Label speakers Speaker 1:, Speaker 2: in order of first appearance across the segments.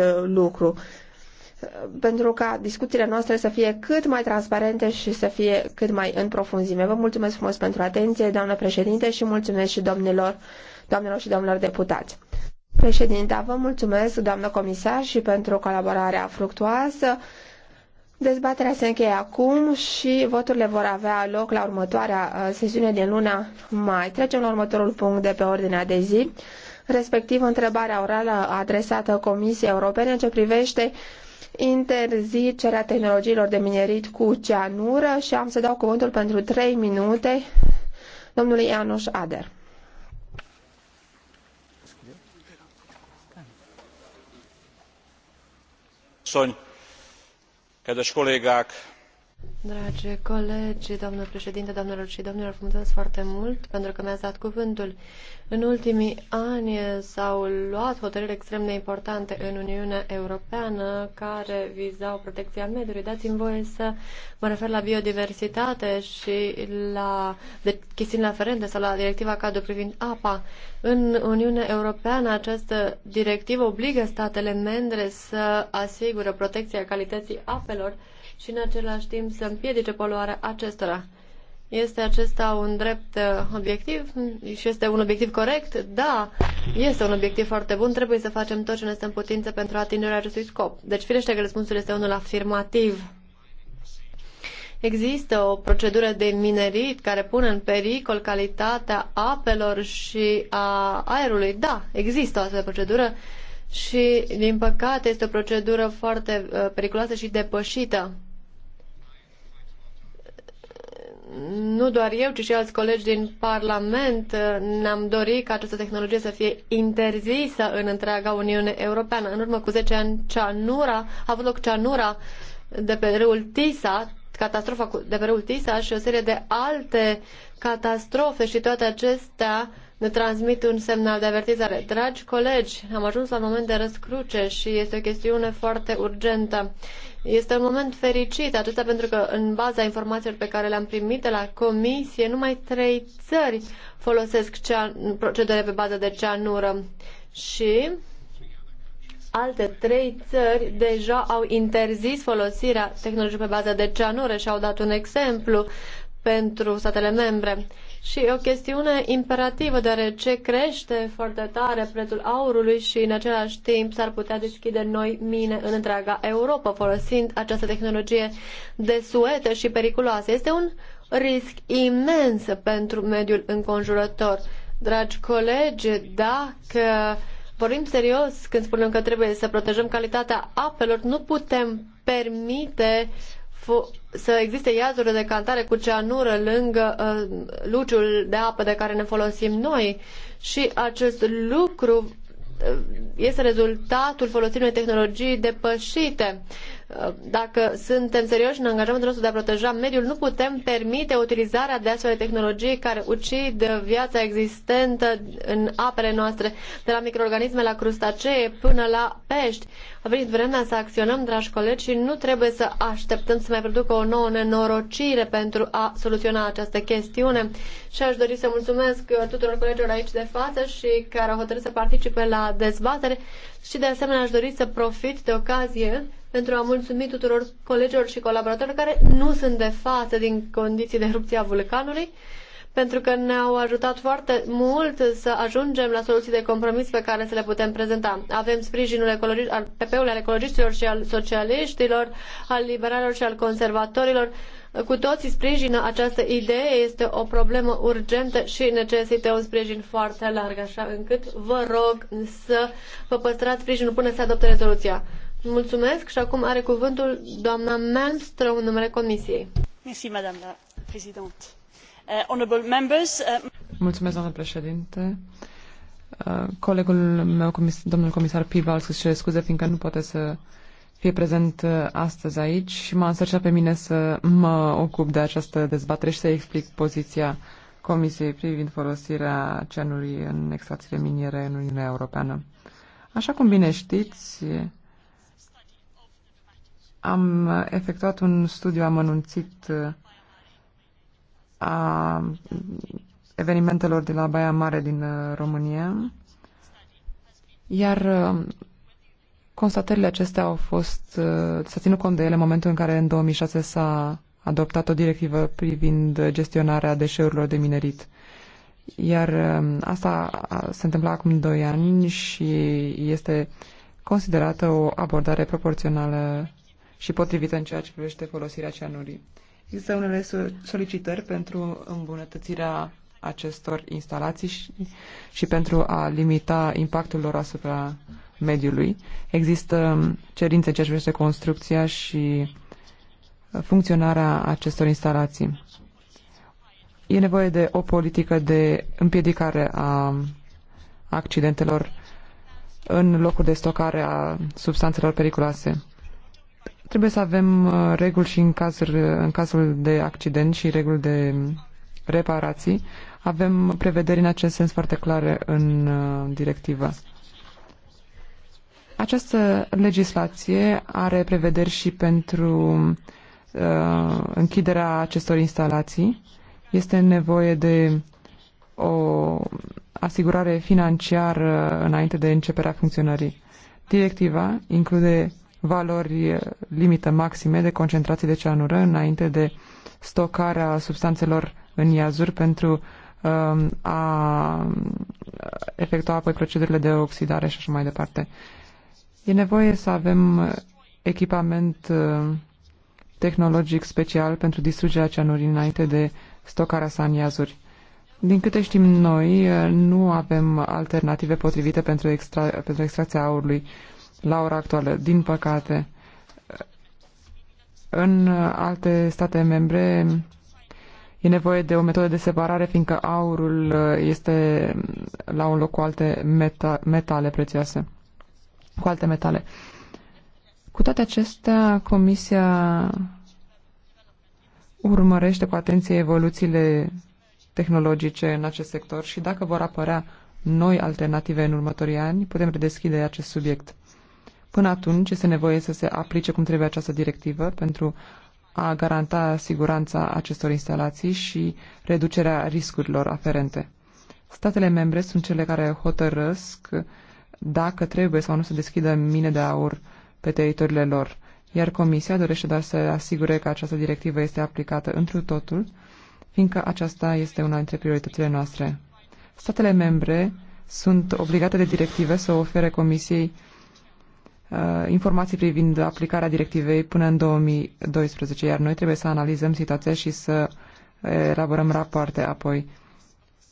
Speaker 1: acest uh, lucru pentru ca discuțiile noastre să fie cât mai transparente și să fie cât mai în profunzime. Vă mulțumesc frumos pentru atenție, doamnă președinte, și mulțumesc și domnilor, doamnelor și domnilor deputați. Președinta, vă mulțumesc, doamnă comisar, și pentru colaborarea fructuoasă. Dezbaterea se încheie acum și voturile vor avea loc la următoarea uh, sesiune din luna mai. Trecem la următorul punct de pe ordinea de zi respectiv întrebarea orală adresată Comisiei Europene în ce privește interzicerea tehnologiilor de minerit cu ceanură și am să dau cuvântul pentru 3 minute domnului Ianuș Ader.
Speaker 2: Kedves kollégák,
Speaker 3: Dragi colegi, domnul președinte, doamnelor și domnilor, mulțumesc foarte mult pentru că mi-ați dat cuvântul. În ultimii ani s-au luat hotărâri extrem de importante în Uniunea Europeană care vizau protecția mediului. Dați-mi voie să mă refer la biodiversitate și la de, aferente sau la directiva cadru privind apa. În Uniunea Europeană această directivă obligă statele membre să asigură protecția calității apelor și în același timp să împiedice poluarea acestora. Este acesta un drept uh, obiectiv și este un obiectiv corect? Da, este un obiectiv foarte bun. Trebuie să facem tot ce ne este în putință pentru atingerea acestui scop. Deci, firește că răspunsul este unul afirmativ. Există o procedură de minerit care pune în pericol calitatea apelor și a aerului? Da, există o astfel de procedură și, din păcate, este o procedură foarte uh, periculoasă și depășită nu doar eu, ci și alți colegi din Parlament uh, ne-am dorit ca această tehnologie să fie interzisă în întreaga Uniune Europeană. În urmă cu 10 ani, Cianura, a avut loc Cianura de pe râul Tisa, catastrofa de pe râul Tisa și o serie de alte catastrofe și toate acestea ne transmit un semnal de avertizare. Dragi colegi, am ajuns la un moment de răscruce și este o chestiune foarte urgentă. Este un moment fericit, atâta pentru că în baza informațiilor pe care le-am primit de la Comisie, numai trei țări folosesc cea, procedere pe bază de ceanură și alte trei țări deja au interzis folosirea tehnologiei pe bază de ceanură și au dat un exemplu pentru statele membre și o chestiune imperativă, deoarece crește foarte tare prețul aurului și în același timp s-ar putea deschide noi mine în întreaga Europa folosind această tehnologie desuetă și periculoasă. Este un risc imens pentru mediul înconjurător. Dragi colegi, dacă vorbim serios când spunem că trebuie să protejăm calitatea apelor, nu putem permite uh, să existe iazuri de cantare cu ceanură lângă uh, luciul de apă de care ne folosim noi și acest lucru uh, este rezultatul folosirii unei tehnologii depășite. Dacă suntem serioși în angajamentul nostru de a proteja mediul, nu putem permite utilizarea de astfel de tehnologii care ucid viața existentă în apele noastre, de la microorganisme la crustacee până la pești. A venit vremea să acționăm, dragi colegi, și nu trebuie să așteptăm să mai producă o nouă nenorocire pentru a soluționa această chestiune. Și aș dori să mulțumesc tuturor colegilor aici de față și care au hotărât să participe la dezbatere și de asemenea aș dori să profit de ocazie pentru a mulțumi tuturor colegilor și colaboratorilor care nu sunt de față din condiții de erupție a vulcanului, pentru că ne-au ajutat foarte mult să ajungem la soluții de compromis pe care să le putem prezenta. Avem sprijinul ecologi- al PP-ului, al ecologiștilor și al socialiștilor, al liberalilor și al conservatorilor, cu toții sprijină această idee, este o problemă urgentă și necesită un sprijin foarte larg, așa încât vă rog să vă păstrați sprijinul până se adoptă rezoluția. Mulțumesc și acum are cuvântul doamna Malmström în numele Comisiei.
Speaker 4: Mersi, doamna președinte. Uh, honorable members, uh,
Speaker 5: Mulțumesc, doamnă președinte. Uh, colegul meu, comis, domnul comisar Pivals, își cere scuze fiindcă nu poate să fie prezent astăzi aici și m-a însărcinat pe mine să mă ocup de această dezbatere și să explic poziția Comisiei privind folosirea cenului în extracțiile miniere în Uniunea Europeană. Așa cum bine știți, am efectuat un studiu amănunțit uh, a evenimentelor de la Baia Mare din uh, România, iar uh, constatările acestea au fost, s-a ținut cont de ele în momentul în care în 2006 s-a adoptat o directivă privind gestionarea deșeurilor de minerit. Iar um, asta se întâmpla acum 2 ani și este considerată o abordare proporțională și potrivită în ceea ce privește folosirea cianurii. Există unele solicitări pentru îmbunătățirea acestor instalații și, și pentru a limita impactul lor asupra mediului. Există cerințe în ceea ce privește construcția și uh, funcționarea acestor instalații. E nevoie de o politică de împiedicare a accidentelor în locuri de stocare a substanțelor periculoase. Trebuie să avem uh, reguli și în, cazul, în cazul de accident și reguli de reparații. Avem prevederi în acest sens foarte clare în uh, directivă. Această legislație are prevederi și pentru uh, închiderea acestor instalații. Este nevoie de o asigurare financiară înainte de începerea funcționării. Directiva include valori limită maxime de concentrații de cianură înainte de stocarea substanțelor în iazuri pentru um, a efectua apoi procedurile de oxidare și așa mai departe. E nevoie să avem echipament uh, tehnologic special pentru distrugerea cianurii înainte de stocarea sa în iazuri. Din câte știm noi, uh, nu avem alternative potrivite pentru, extra, pentru extracția aurului la ora actuală, din păcate. În alte state membre e nevoie de o metodă de separare, fiindcă aurul uh, este la un loc cu alte meta metale prețioase, cu alte metale. Cu toate acestea, Comisia urmărește cu atenție evoluțiile tehnologice în acest sector și dacă vor apărea noi alternative în următorii ani, putem redeschide acest subiect. Până atunci este nevoie să se aplice cum trebuie această directivă pentru a garanta siguranța acestor instalații și reducerea riscurilor aferente. Statele membre sunt cele care hotărăsc dacă trebuie sau nu să deschidă mine de aur pe teritoriile lor, iar Comisia dorește doar să asigure că această directivă este aplicată întru totul, fiindcă aceasta este una dintre prioritățile noastre. Statele membre sunt obligate de directive să ofere Comisiei Uh, informații privind aplicarea directivei până în 2012, iar noi trebuie să analizăm situația și să elaborăm rapoarte apoi.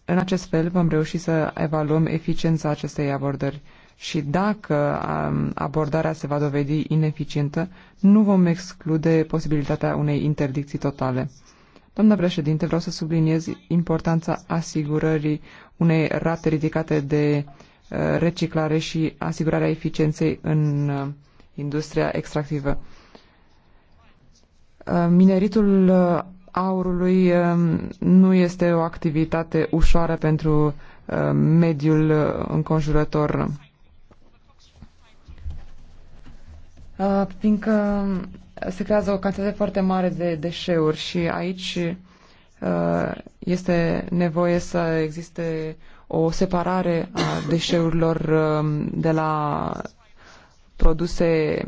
Speaker 5: În acest fel vom reuși să evaluăm eficiența acestei abordări și dacă um, abordarea se va dovedi ineficientă, nu vom exclude posibilitatea unei interdicții totale. Doamna președinte, vreau să subliniez importanța asigurării unei rate ridicate de uh, reciclare și asigurarea eficienței în uh, industria extractivă. Uh, mineritul uh, aurului nu este o activitate ușoară pentru mediul înconjurător. Fiindcă se creează o cantitate foarte mare de deșeuri și aici este nevoie să existe o separare a deșeurilor um, de la produse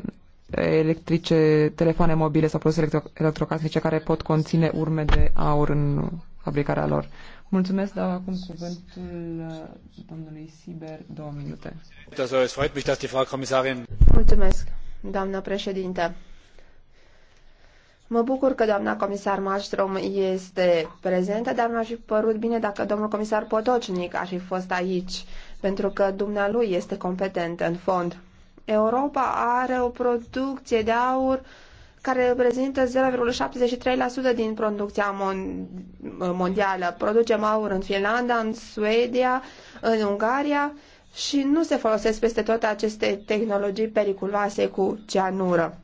Speaker 5: electrice, telefoane mobile sau produse electro- electrocasnice care pot conține urme de aur în fabricarea lor. Mulțumesc, dau acum cuvântul uh, domnului Siber, două minute.
Speaker 6: Äh,
Speaker 5: Mulțumesc,
Speaker 1: doamna președinte. Mă bucur că doamna comisar Malmström este prezentă, dar mi-ar fi părut bine dacă domnul comisar Potocnic ar fi fost aici, pentru că dumnealui este competent în fond. Europa are o producție de aur care reprezintă 0,73% din producția mon- mondială. Producem aur în Finlanda, în Suedia, în Ungaria și nu se folosesc peste tot aceste tehnologii periculoase cu ceanură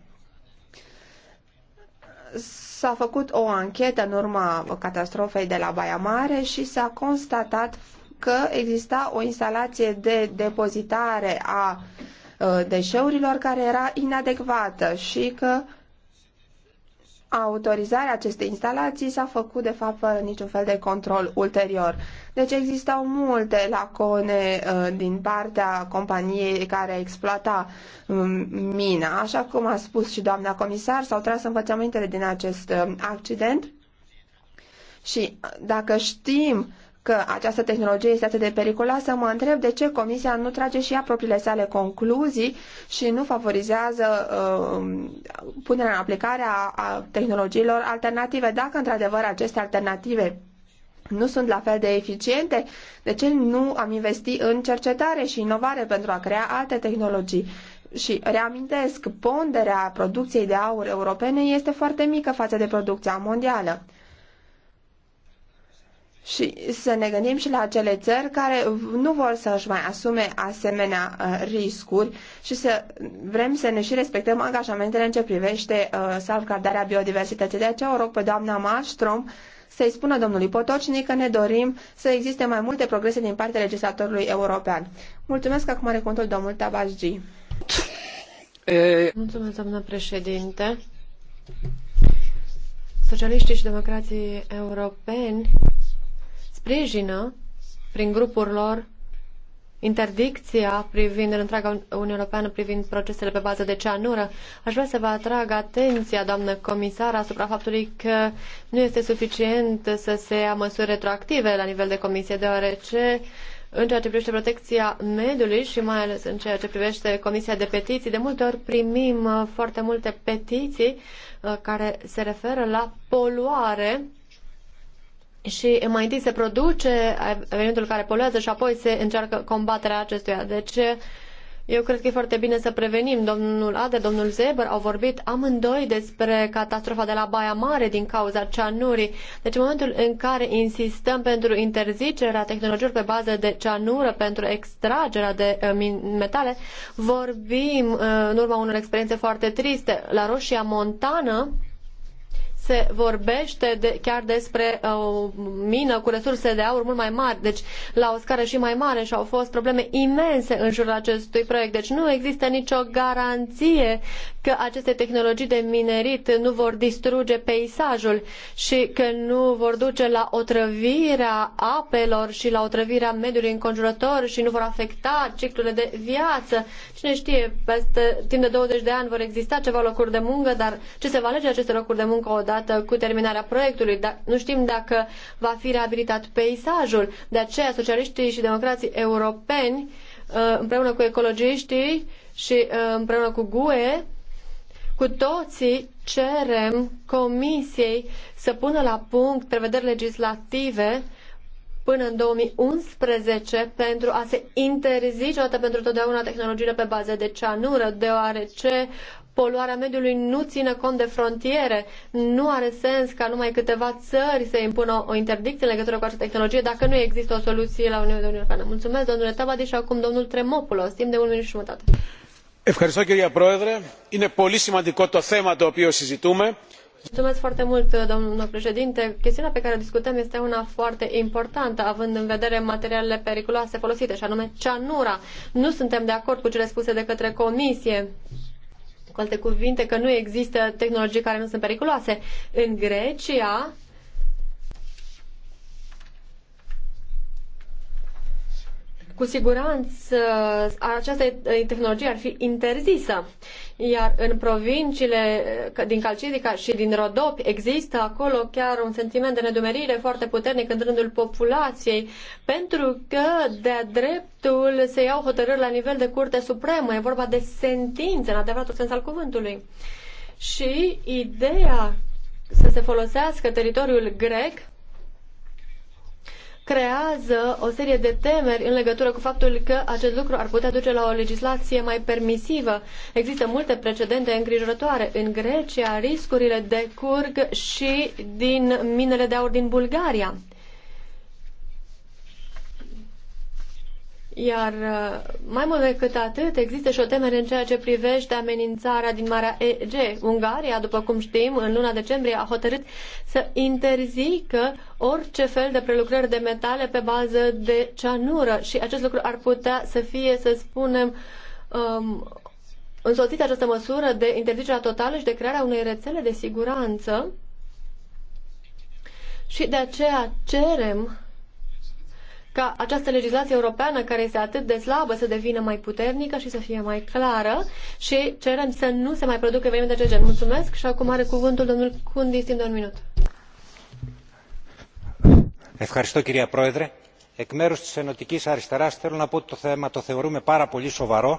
Speaker 1: s-a făcut o anchetă în urma catastrofei de la Baia Mare și s-a constatat că exista o instalație de depozitare a uh, deșeurilor care era inadecvată și că autorizarea acestei instalații s-a făcut de fapt fără niciun fel de control ulterior. Deci existau multe lacone uh, din partea companiei care exploata um, mina. Așa cum a spus și doamna comisar, s-au tras învățămintele din acest uh, accident și uh, dacă știm că această tehnologie este atât de periculoasă, mă întreb de ce Comisia nu trage și ea propriile sale concluzii și nu favorizează uh, punerea în aplicare a, a tehnologiilor alternative. Dacă într-adevăr aceste alternative nu sunt la fel de eficiente, de ce nu am investi în cercetare și inovare pentru a crea alte tehnologii? Și reamintesc, ponderea producției de aur europene este foarte mică față de producția mondială și să ne gândim și la acele țări care nu vor să-și mai asume asemenea uh, riscuri și să vrem să ne și respectăm angajamentele în ce privește uh, salvgardarea biodiversității. De aceea o rog pe doamna Malmström să-i spună domnului Potocnic că ne dorim să existe mai multe progrese din partea legislatorului european. Mulțumesc acum are domnul Tabajgi. Mulțumesc, doamnă președinte. Socialiștii și
Speaker 3: democrații europeni sprijină prin grupuri lor interdicția privind în întreaga Uniune Europeană privind procesele pe bază de ceanură. Aș vrea să vă atrag atenția, doamnă comisar, asupra faptului că nu este suficient să se ia măsuri retroactive la nivel de comisie, deoarece în ceea ce privește protecția mediului și mai ales în ceea ce privește Comisia de Petiții, de multe ori primim uh, foarte multe petiții uh, care se referă la poluare și mai întâi se produce evenimentul care poluează și apoi se încearcă combaterea acestuia. Deci eu cred că e foarte bine să prevenim. Domnul Ade, domnul Zeber au vorbit amândoi despre catastrofa de la Baia Mare din cauza ceanurii. Deci în momentul în care insistăm pentru interzicerea tehnologiilor pe bază de ceanură, pentru extragerea de uh, metale, vorbim uh, în urma unor experiențe foarte triste. La Roșia Montană, se vorbește de, chiar despre o uh, mină cu resurse de aur mult mai mari, deci la o scară și mai mare și au fost probleme imense în jurul acestui proiect. Deci nu există nicio garanție că aceste tehnologii de minerit nu vor distruge peisajul și că nu vor duce la otrăvirea apelor și la otrăvirea mediului înconjurător și nu vor afecta ciclurile de viață. Cine știe, peste timp de 20 de ani vor exista ceva locuri de muncă, dar ce se va alege aceste locuri de muncă odată? odată cu terminarea proiectului, dar nu știm dacă va fi reabilitat peisajul. De aceea, socialiștii și democrații europeni, uh, împreună cu ecologiștii și uh, împreună cu GUE, cu toții cerem Comisiei să pună la punct prevederi legislative până în 2011 pentru a se interzice dată pentru totdeauna tehnologiile pe bază de ceanură, deoarece poluarea mediului nu țină cont de frontiere. Nu are sens ca numai câteva țări să impună o interdicție în legătură cu această tehnologie dacă nu există o soluție la Uniunea Europeană. Mulțumesc, domnule Tabadi, și acum domnul Tremopoulos timp de un minut și jumătate.
Speaker 2: Ευχαριστώ κυρία Πρόεδρε. Είναι πολύ σημαντικό το θέμα το οποίο συζητούμε.
Speaker 3: Mulțumesc foarte mult, domnule președinte. Chestiunea pe care o discutăm este una foarte importantă, având în vedere materialele periculoase folosite, și anume ceanura. Nu suntem de acord cu cele spuse de către Comisie cu alte cuvinte, că nu există tehnologii care nu sunt periculoase. În Grecia, Cu siguranță această tehnologie ar fi interzisă. Iar în provinciile din Calcidica și din Rodopi există acolo chiar un sentiment de nedumerire foarte puternic în rândul populației, pentru că de-a dreptul se iau hotărâri la nivel de curte supremă. E vorba de sentință, în adevăratul sens al cuvântului. Și ideea să se folosească teritoriul grec creează o serie de temeri în legătură cu faptul că acest lucru ar putea duce la o legislație mai permisivă. Există multe precedente îngrijorătoare. În Grecia, riscurile decurg și din minele de aur din Bulgaria. Iar uh, mai mult decât atât, există și o temere în ceea ce privește amenințarea din Marea EG. Ungaria, după cum știm, în luna decembrie a hotărât să interzică orice fel de prelucrări de metale pe bază de ceanură și acest lucru ar putea să fie, să spunem, um, însoțită această măsură de interzicerea totală și de crearea unei rețele de siguranță și de aceea cerem ca această legislație europeană, care este atât de slabă, să devină mai puternică și să fie mai clară și cerem să nu se mai producă evenimente de acest gen. Mulțumesc și acum are cuvântul domnul Cundis timp de un minut.
Speaker 6: Ευχαριστώ κυρία Πρόεδρε. Εκ μέρους της Ενωτικής Αριστεράς θέλω να πω ότι το θέμα το θεωρούμε πάρα πολύ σοβαρό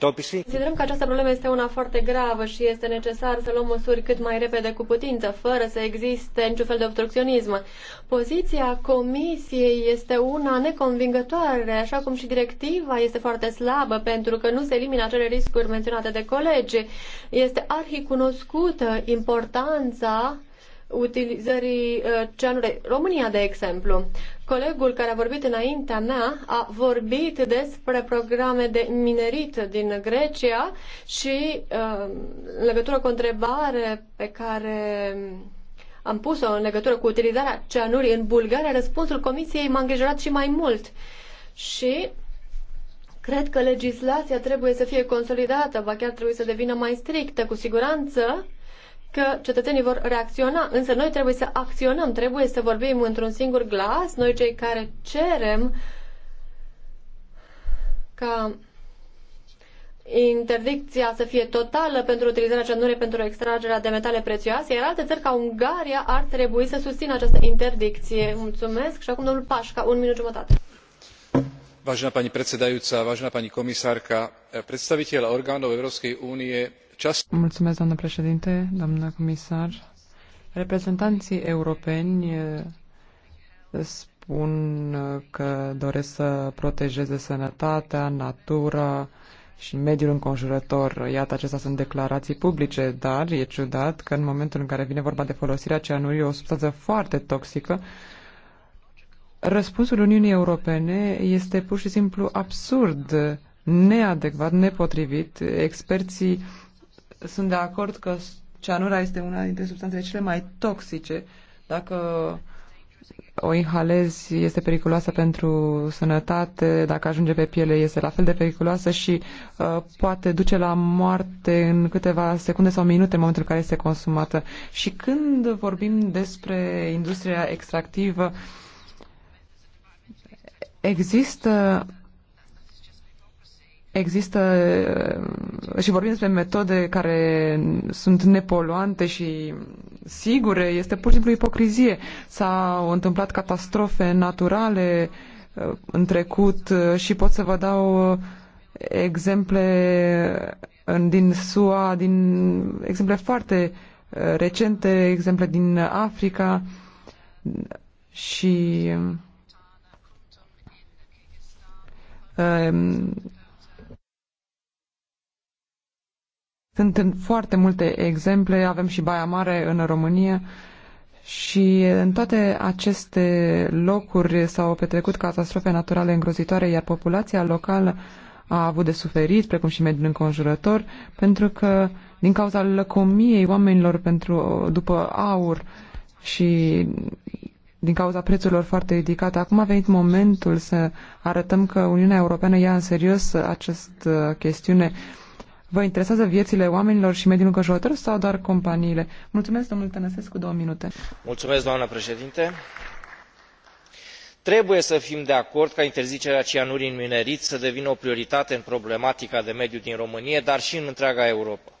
Speaker 6: Considerăm
Speaker 3: că această problemă este una foarte gravă și este necesar să luăm măsuri cât mai repede cu putință, fără să existe niciun fel de obstrucționism. Poziția Comisiei este una neconvingătoare, așa cum și directiva este foarte slabă, pentru că nu se elimină acele riscuri menționate de colegi. Este arhicunoscută importanța utilizării uh, ceanurilor. România, de exemplu. Colegul care a vorbit înaintea mea a vorbit despre programe de minerit din Grecia și uh, în legătură cu o întrebare pe care am pus-o în legătură cu utilizarea ceanurii în Bulgaria, răspunsul Comisiei m-a îngrijorat și mai mult. Și cred că legislația trebuie să fie consolidată, ba chiar trebuie să devină mai strictă. Cu siguranță, că cetățenii vor reacționa, însă noi trebuie să acționăm, trebuie să vorbim într-un singur glas, noi cei care cerem ca interdicția să fie totală pentru utilizarea cianurii pentru extragerea de metale prețioase, iar alte țări ca Ungaria ar trebui să susțină această interdicție. Mulțumesc și acum domnul Pașca, un minut jumătate.
Speaker 7: Vážená pani predsedajúca, vážená pani komisárka, predstaviteľ orgánov Európskej únie just...
Speaker 5: Mulțumesc, doamnă președinte, doamnă comisar. Reprezentanții europeni spun că doresc să protejeze sănătatea, natura și mediul înconjurător. Iată, acestea sunt declarații publice, dar e ciudat că în momentul în care vine vorba de folosirea cianurii, o substanță foarte toxică, răspunsul Uniunii Europene este pur și simplu absurd, neadecvat, nepotrivit. Experții sunt de acord că cianura este una dintre substanțele cele mai toxice. Dacă o inhalezi este periculoasă pentru sănătate, dacă ajunge pe piele este la fel de periculoasă și uh, poate duce la moarte în câteva secunde sau minute în momentul în care este consumată. Și când vorbim despre industria extractivă, există există și vorbim despre metode care sunt nepoluante și sigure, este pur și simplu ipocrizie. S-au întâmplat catastrofe naturale uh, în trecut uh, și pot să vă dau uh, exemple din SUA, din exemple foarte recente, exemple din Africa și Sunt în foarte multe exemple, avem și Baia Mare în România și în toate aceste locuri s-au petrecut catastrofe naturale îngrozitoare, iar populația locală a avut de suferit, precum și mediul înconjurător, pentru că din cauza lăcomiei oamenilor pentru, după aur și din cauza prețurilor foarte ridicate. Acum a venit momentul să arătăm că Uniunea Europeană ia în serios această chestiune Vă interesează viețile oamenilor și mediul înconjurător sau doar companiile? Mulțumesc, domnul Tănăsescu, două minute.
Speaker 7: Mulțumesc, doamnă președinte. Trebuie să fim de acord ca interzicerea cianurii în minerit să devină o prioritate în problematica de mediu din România, dar și în întreaga Europa.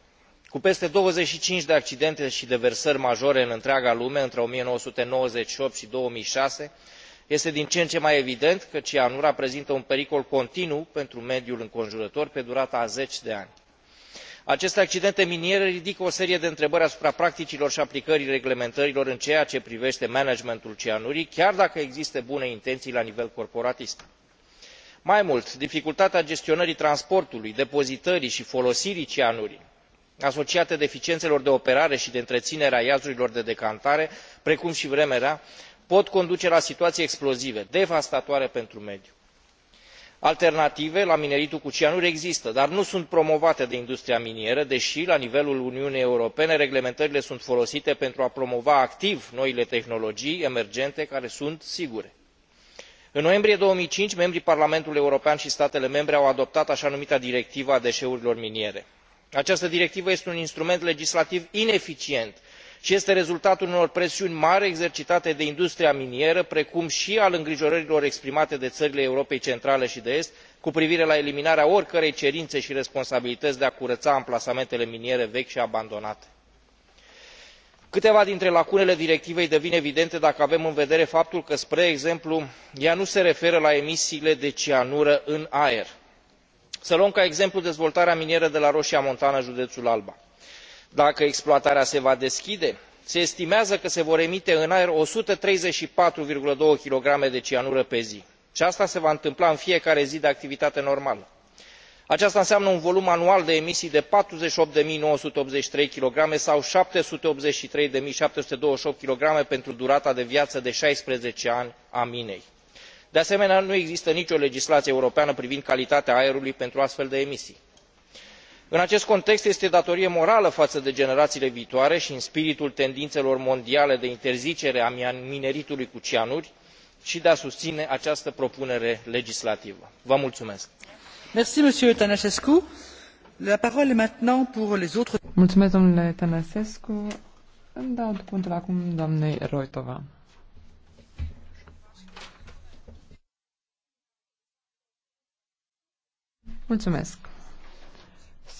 Speaker 7: Cu peste 25 de accidente și deversări majore în întreaga lume între 1998 și 2006, este din ce în ce mai evident că cianura prezintă un pericol continuu pentru mediul înconjurător pe durata a 10 de ani aceste accidente miniere ridică o serie de întrebări asupra practicilor i aplicării reglementărilor în ceea ce privete managementul cianurii chiar dacă există bune intenii la nivel corporatist. mai mult dificultatea gestionării transportului depozitării i folosirii cianurii asociată deficienelor de operare i de întreinere a iazurilor de decantare precum i vremea rea pot conduce la situaii explozive devastatoare pentru mediu alternative la mineritul cu cianuri există dar nu sunt promovate de industria minieră dei la nivelul uniunii europene reglementările sunt folosite pentru a promova activ noile tehnologii emergente care sunt sigure. în noiembrie două mii cinci membrii parlamentului european i statele membre au adoptat aa numita directivă a deeurilor miniere. această directivă este un instrument legislativ ineficient i este rezultatul unor presiuni mari exercitate de industria minieră precum i al îngrijorărilor exprimate de ările europei centrale i de est cu privire la eliminarea oricărei cerine i responsabilităi de a curăa amplasamentele miniere vechi i abandonate. câteva dintre lacunele directivei devin evidente dacă avem în vedere faptul că spre exemplu ea nu se referă la emisiile de cianură în aer. să luăm ca exemplu dezvoltarea minieră de la roia montană judeul alba dacă exploatarea se va deschide se estimează că se vor emite în aer o sută treizeci și patru doi kg de cianură pe zi i aceasta se va întâmpla în fiecare zi de activitate normală. aceasta înseamnă un volum anual de emisii de patruzeci și opt nouă sute optzeci și trei kg sau șapte sute optzeci și trei șapte sute douăzeci și opt kg pentru durata de viaă de șaisprezece ani a minei. de asemenea nu există nicio legislaie europeană privind calitatea aerului pentru astfel de emisii în acest context este datorie morală faă de generaiile viitoare i în spiritul tendinelor mondiale de interzicere a mineritului cu cianuri i de a susine această propunere legislativă. Vă mulțumesc.
Speaker 5: Mulțumesc, domnule Tănăsescu. acum Mulțumesc.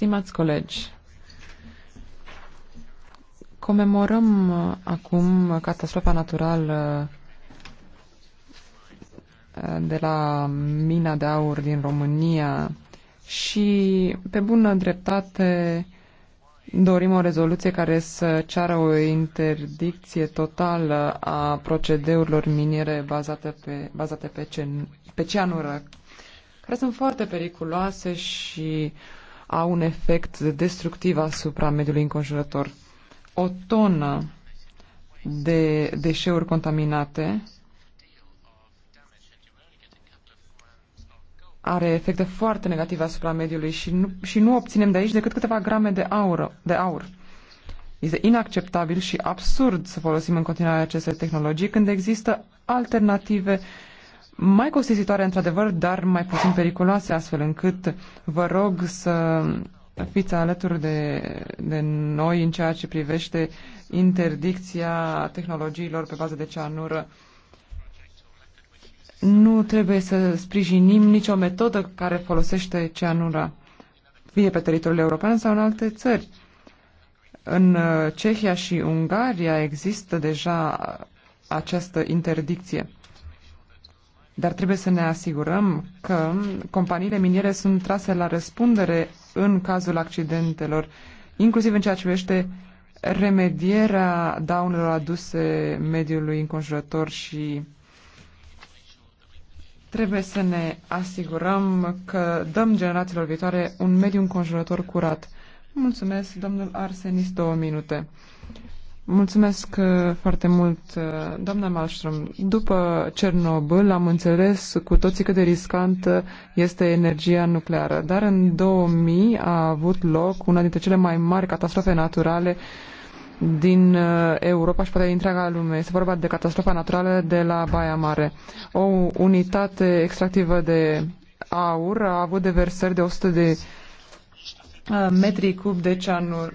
Speaker 5: Stimați colegi, comemorăm uh, acum catastrofa naturală uh, de la mina de aur din România și, pe bună dreptate, dorim o rezoluție care să ceară o interdicție totală a procedeurilor miniere bazate pe, bazate pe, cen, pe ceanură, care sunt foarte periculoase și uh, au un efect destructiv asupra mediului înconjurător. O tonă de deșeuri contaminate are efecte foarte negative asupra mediului și nu, și nu obținem de aici decât câteva grame de, aură, de aur. Este inacceptabil și absurd să folosim în continuare aceste tehnologii când există alternative mai costisitoare într-adevăr, dar mai puțin periculoase, astfel încât vă rog să fiți alături de, de noi în ceea ce privește interdicția tehnologiilor pe bază de ceanură. Nu trebuie să sprijinim nicio metodă care folosește ceanura, fie pe teritoriul european sau în alte țări. În uh, Cehia și Ungaria există deja această interdicție. Dar trebuie să ne asigurăm că companiile miniere sunt trase la răspundere în cazul accidentelor, inclusiv în ceea ce privește remedierea daunelor aduse mediului înconjurător și trebuie să ne asigurăm că dăm generațiilor viitoare un mediu înconjurător curat. Mulțumesc, domnul Arsenis, două minute. Mulțumesc uh, foarte mult, uh, doamna Malmström. După Cernobâl am înțeles cu toții cât de riscant uh, este energia nucleară, dar în 2000 a avut loc una dintre cele mai mari catastrofe naturale din Europa și poate din întreaga lume. Este vorba de catastrofa naturală de la Baia Mare. O unitate extractivă de aur a avut deversări de 100 de metri cub de cianuri,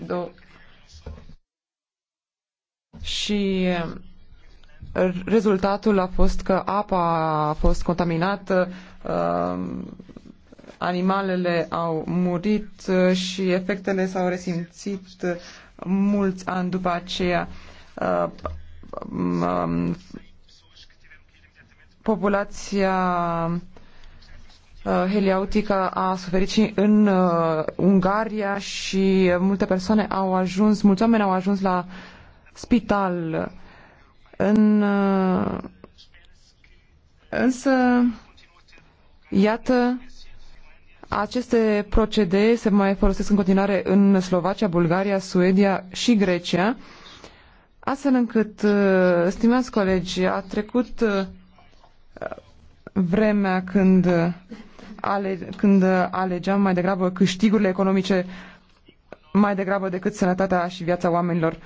Speaker 5: și rezultatul a fost că apa a fost contaminată, um, animalele au murit și efectele s-au resimțit mulți ani după aceea. Uh, um, populația uh, heliautică a suferit și în uh, Ungaria și multe persoane au ajuns, mulți oameni au ajuns la uh, spital. În, însă, iată, aceste procedee se mai folosesc în continuare în Slovacia, Bulgaria, Suedia și Grecia, astfel încât, stimați colegi, a trecut vremea când, ale, când alegeam mai degrabă câștigurile economice mai degrabă decât sănătatea și viața oamenilor.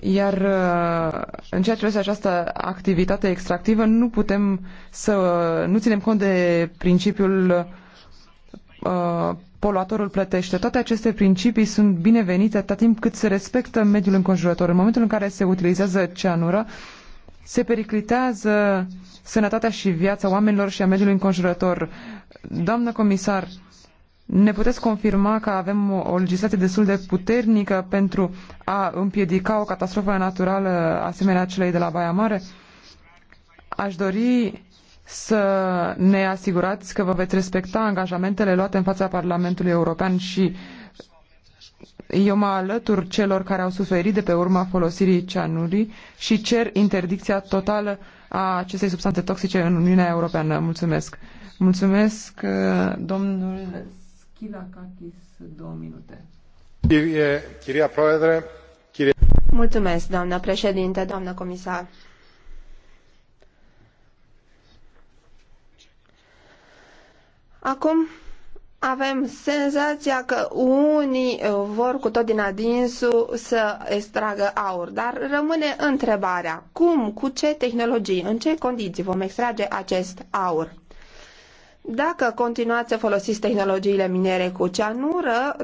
Speaker 5: Iar uh, în ceea ce privește această activitate extractivă, nu putem să nu ținem cont de principiul uh, poluatorul plătește. Toate aceste principii sunt binevenite atât timp cât se respectă mediul înconjurător. În momentul în care se utilizează ceanură, se periclitează sănătatea și viața oamenilor și a mediului înconjurător. Doamnă comisar, uh, ne puteți confirma că avem o legislație destul de puternică pentru a împiedica o catastrofă naturală asemenea celei de la Baia Mare? Aș dori să ne asigurați că vă veți respecta angajamentele luate în fața Parlamentului European și eu mă alătur celor care au suferit de pe urma folosirii cianurii și cer interdicția totală a acestei substanțe toxice în Uniunea Europeană. Mulțumesc! Mulțumesc, domnul Mulțumesc,
Speaker 1: președinte, comisar. Acum avem senzația că unii vor cu tot din adinsul să extragă aur, dar rămâne întrebarea, cum, cu ce tehnologie, în ce condiții vom extrage acest aur? Dacă continuați să folosiți tehnologiile minere cu ceanură,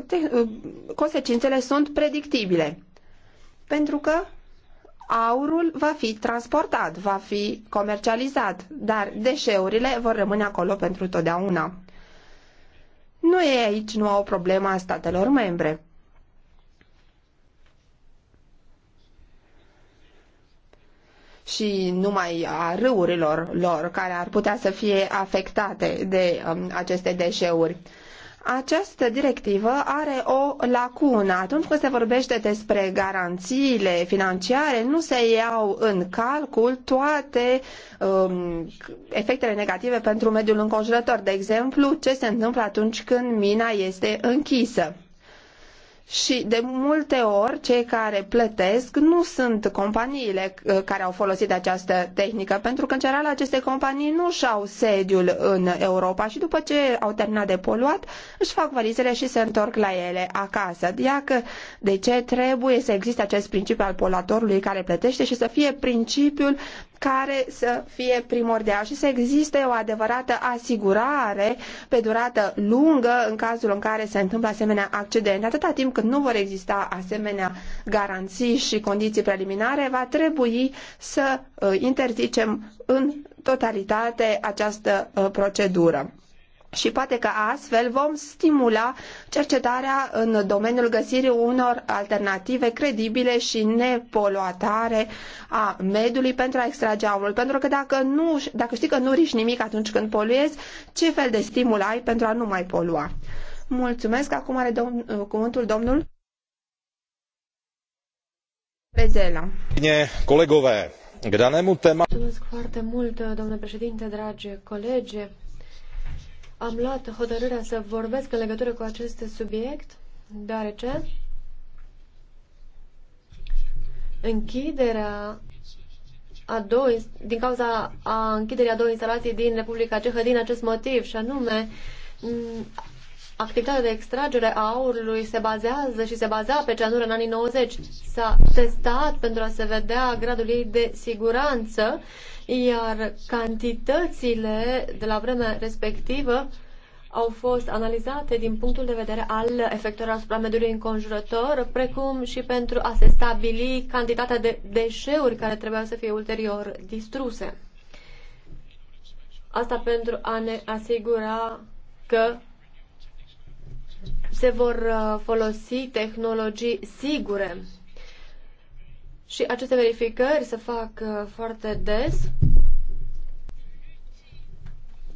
Speaker 1: consecințele sunt predictibile. Pentru că aurul va fi transportat, va fi comercializat, dar deșeurile vor rămâne acolo pentru totdeauna. Nu e aici nu o problemă a statelor membre. și numai a râurilor lor care ar putea să fie afectate de um, aceste deșeuri. Această directivă are o lacună. Atunci când se vorbește despre garanțiile financiare, nu se iau în calcul toate um, efectele negative pentru mediul înconjurător. De exemplu, ce se întâmplă atunci când mina este închisă. Și de multe ori cei care plătesc nu sunt companiile uh, care au folosit această tehnică, pentru că în general aceste companii nu și-au sediul în Europa și după ce au terminat de poluat își fac valizele și se întorc la ele acasă. Iacă de ce trebuie să existe acest principiu al poluatorului care plătește și să fie principiul care să fie primordial și să existe o adevărată asigurare pe durată lungă în cazul în care se întâmplă asemenea accidente. Atâta timp cât nu vor exista asemenea garanții și condiții preliminare, va trebui să uh, interzicem în totalitate această uh, procedură și poate că astfel vom stimula cercetarea în domeniul găsirii unor alternative credibile și nepoluatare a mediului pentru a extrage aurul. Pentru că dacă, nu, dacă știi că nu riști nimic atunci când poluezi, ce fel de stimul ai pentru a nu mai polua? Mulțumesc. Acum are domn, cuvântul domnul Prezela.
Speaker 7: Bine, colegove, k danému tématu. Mulțumesc
Speaker 1: foarte mult, domnule președinte, dragi
Speaker 3: colegi. Am luat hotărârea să vorbesc în legătură cu acest subiect, deoarece închiderea a două, din cauza a închiderii a două instalații din Republica Cehă din acest motiv, și anume activitatea de extragere a aurului se bazează și se baza pe ceanură în anii 90. S-a testat pentru a se vedea gradul ei de siguranță, iar cantitățile de la vremea respectivă au fost analizate din punctul de vedere al efectelor asupra mediului înconjurător, precum și pentru a se stabili cantitatea de deșeuri care trebuiau să fie ulterior distruse. Asta pentru a ne asigura că se vor uh, folosi tehnologii sigure. Și aceste verificări se fac uh, foarte des.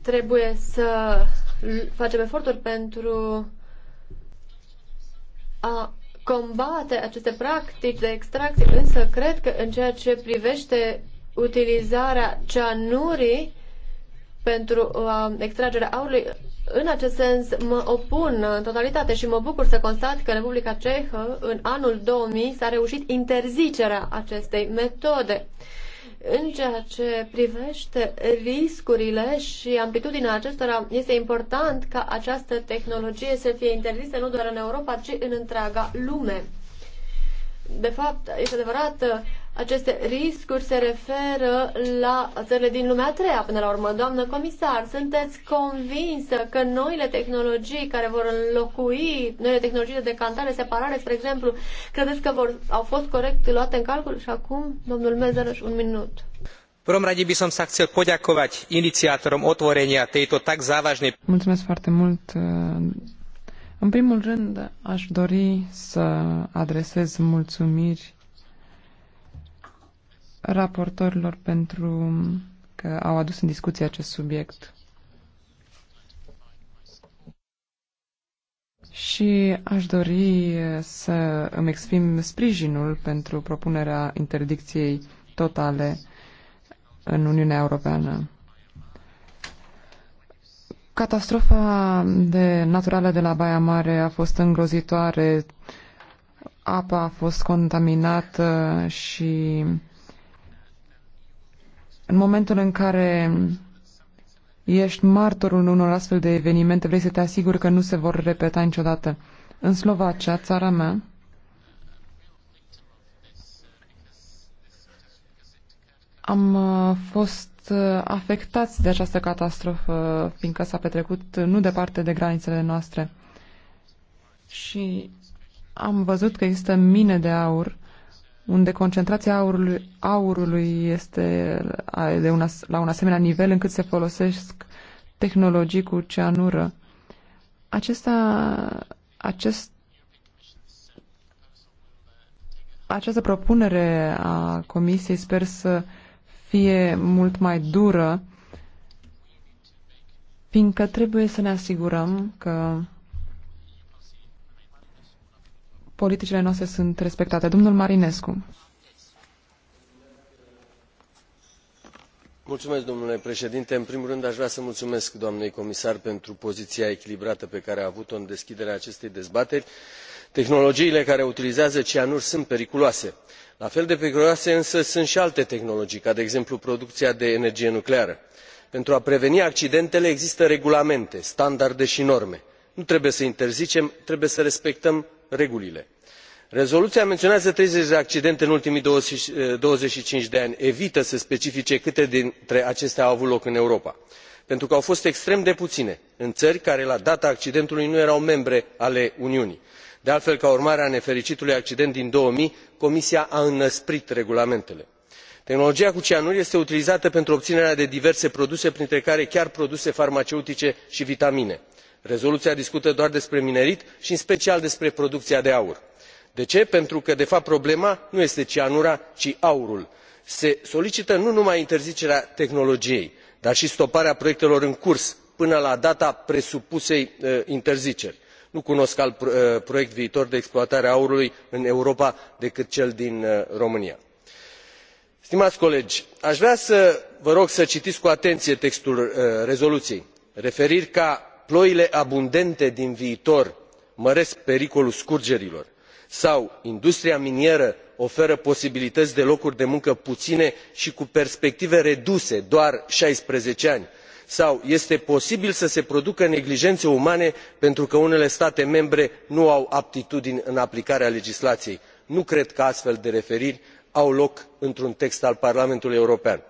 Speaker 3: Trebuie să facem eforturi pentru a combate aceste practici de extracție, însă cred că în ceea ce privește utilizarea ceanurii pentru uh, extragerea aurului, în acest sens, mă opun în totalitate și mă bucur să constat că Republica Cehă, în anul 2000, s-a reușit interzicerea acestei metode. În ceea ce privește riscurile și amplitudinea acestora, este important ca această tehnologie să fie interzisă nu doar în Europa, ci în întreaga lume. De fapt, este adevărat, aceste riscuri se referă la țările din lumea a treia, până la urmă. Doamnă comisar, sunteți convinsă că noile tehnologii care vor înlocui, noile tehnologii de decantare, separare, spre exemplu, credeți că vor, au fost corect luate în calcul? Și acum, domnul Mezărăș, un minut.
Speaker 7: V prvom rade by som sa chcel poďakovať iniciátorom otvorenia tejto tak závažnej...
Speaker 5: Mulțumesc foarte mult, în primul rând, aș dori să adresez mulțumiri raportorilor pentru că au adus în discuție acest subiect. Și aș dori să îmi exprim sprijinul pentru propunerea interdicției totale în Uniunea Europeană. Catastrofa de naturală de la Baia Mare a fost îngrozitoare. Apa a fost contaminată și în momentul în care ești martorul unor astfel de evenimente, vrei să te asiguri că nu se vor repeta niciodată. În Slovacia, țara mea, am uh, fost uh, afectați de această catastrofă, fiindcă s-a petrecut uh, nu departe de granițele noastre. Și am văzut că există mine de aur unde concentrația aurului, aurului este de una, la un asemenea nivel încât se folosesc tehnologii cu ceanură. Acesta, acest, această propunere a Comisiei sper să fie mult mai dură, fiindcă trebuie să ne asigurăm că politicile noastre sunt respectate. Domnul Marinescu.
Speaker 2: Mulțumesc, domnule președinte. în primul rând aș vrea să mulțumesc doamnei comisar pentru poziția echilibrată pe care a avut o în deschiderea acestei dezbateri. tehnologiile care utilizează cianuri sunt periculoase. la fel de periculoase însă sunt și alte tehnologii ca de exemplu producția de energie nucleară. pentru a preveni accidentele există regulamente standarde și norme nu trebuie să interzicem trebuie să respectăm regulile. rezoluia menionează treizeci de accidente în ultimii eh, douăzeci și cinci de ani evită să specifice câte dintre acestea au avut loc în europa pentru că au fost extrem de puine în ări care la data accidentului nu erau membre ale uniunii. de altfel ca urmare a nefericitului accident din două mii comisia a înăsprit regulamentele. tehnologia cu cianuri este utilizată pentru obinerea de diverse produse printre care chiar produse farmaceutice i vitamine rezoluia discută doar despre minerit i în special despre producia de aur. de ce? pentru că de fapt problema nu este cianura ci aurul. se solicită nu numai interzicerea tehnologiei dar i stoparea proiectelor în curs până la data presupusei ă, interziceri. nu cunosc alt ă, proiect viitor de exploatare a aurului în europa decât cel din ă, românia. stimai colegi a vrea să vă rog să citii cu atenie textul rezoluiei referiri ca ploile abundente din viitor măresc pericolul scurgerilor sau industria minieră oferă posibilităi de locuri de muncă puine i cu perspective reduse doar șaisprezece ani sau este posibil să se producă neglijene umane pentru că unele state membre nu au aptitudini în aplicarea legislaiei nu cred că astfel de referiri au loc într un text al parlamentului european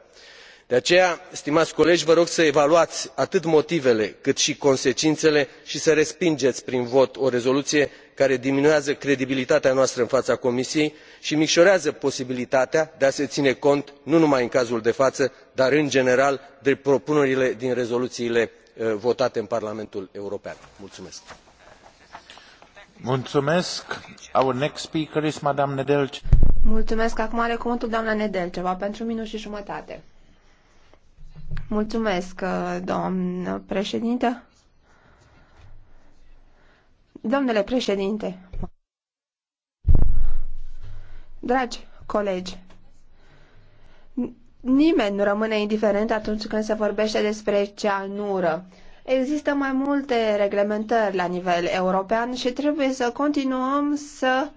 Speaker 2: de aceea stimai colegi vă rog să evaluai atât motivele cât i consecinele i să respingei prin vot o rezoluie care diminuează credibilitatea noastră în faa comisiei i micorează posibilitatea de a se ine cont nu numai în cazul de faă dar în general de propunerile din rezoluiile eh, votate în parlamentul european. Mulțumesc.
Speaker 6: next Madame
Speaker 1: Mulțumesc. Acum pentru și jumătate. Mulțumesc, uh, domn președinte. Domnule președinte, dragi colegi, nimeni nu rămâne indiferent atunci când se vorbește despre ceanură. Există mai multe reglementări la nivel european și trebuie să continuăm să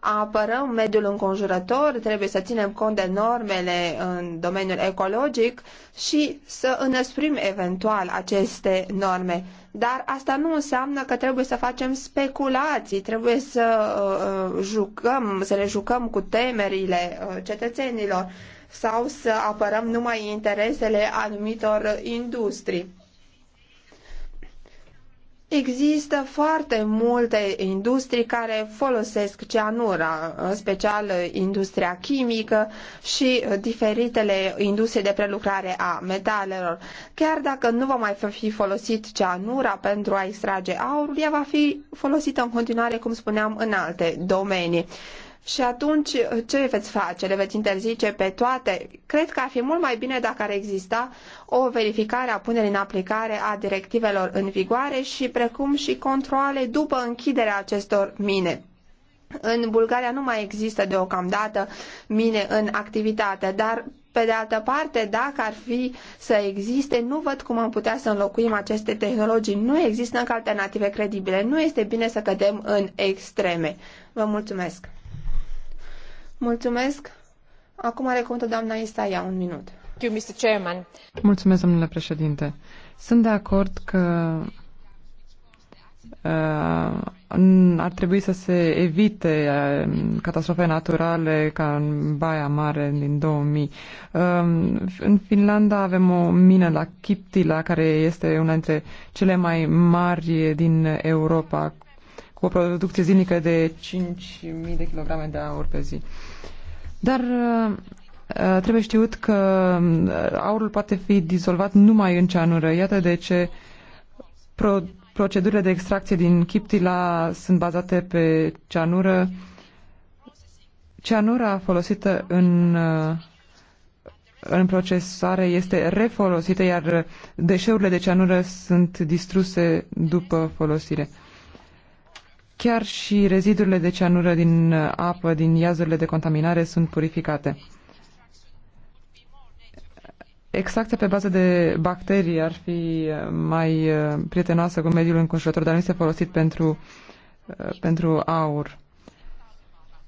Speaker 1: apărăm mediul înconjurător, trebuie să ținem cont de normele în domeniul ecologic și să înăsprim eventual aceste norme. Dar asta nu înseamnă că trebuie să facem speculații, trebuie să uh, uh jucăm, să le jucăm cu temerile uh, cetățenilor sau să apărăm numai interesele anumitor uh, industrii. Există foarte multe industrii care folosesc cianura, în special industria chimică și diferitele industrie de prelucrare a metalelor. Chiar dacă nu va mai fi folosit cianura pentru a extrage aurul, ea va fi folosită în continuare, cum spuneam, în alte domenii. Și atunci ce veți face? Le veți interzice pe toate? Cred că ar fi mult mai bine dacă ar exista o verificare a punerii în aplicare a directivelor în vigoare și precum și controle după închiderea acestor mine. În Bulgaria nu mai există deocamdată mine în activitate, dar pe de altă parte, dacă ar fi să existe, nu văd cum am putea să înlocuim aceste tehnologii. Nu există încă alternative credibile. Nu este bine să cădem în extreme. Vă mulțumesc! Mulțumesc. Acum are cuvântul doamna Isaia, un minut.
Speaker 5: Mulțumesc, domnule președinte. Sunt de acord că uh, ar trebui să se evite uh, catastrofe naturale ca în Baia Mare din 2000. Uh, în Finlanda avem o mină la Kiptila, care este una dintre cele mai mari din Europa, cu o producție zilnică de 5.000 de kilograme de aur pe zi. Dar uh, uh, trebuie știut că uh, aurul poate fi dizolvat numai în ceanură. Iată de ce pro- procedurile de extracție din Chiptila sunt bazate pe ceanură. Ceanura folosită în, în procesare este refolosită, iar deșeurile de ceanură sunt distruse după folosire. Chiar și rezidurile de cianură din uh, apă, din iazurile de contaminare sunt purificate. Exacte pe bază de bacterii ar fi uh, mai uh, prietenoasă cu mediul înconjurător, dar nu este folosit pentru, pentru aur.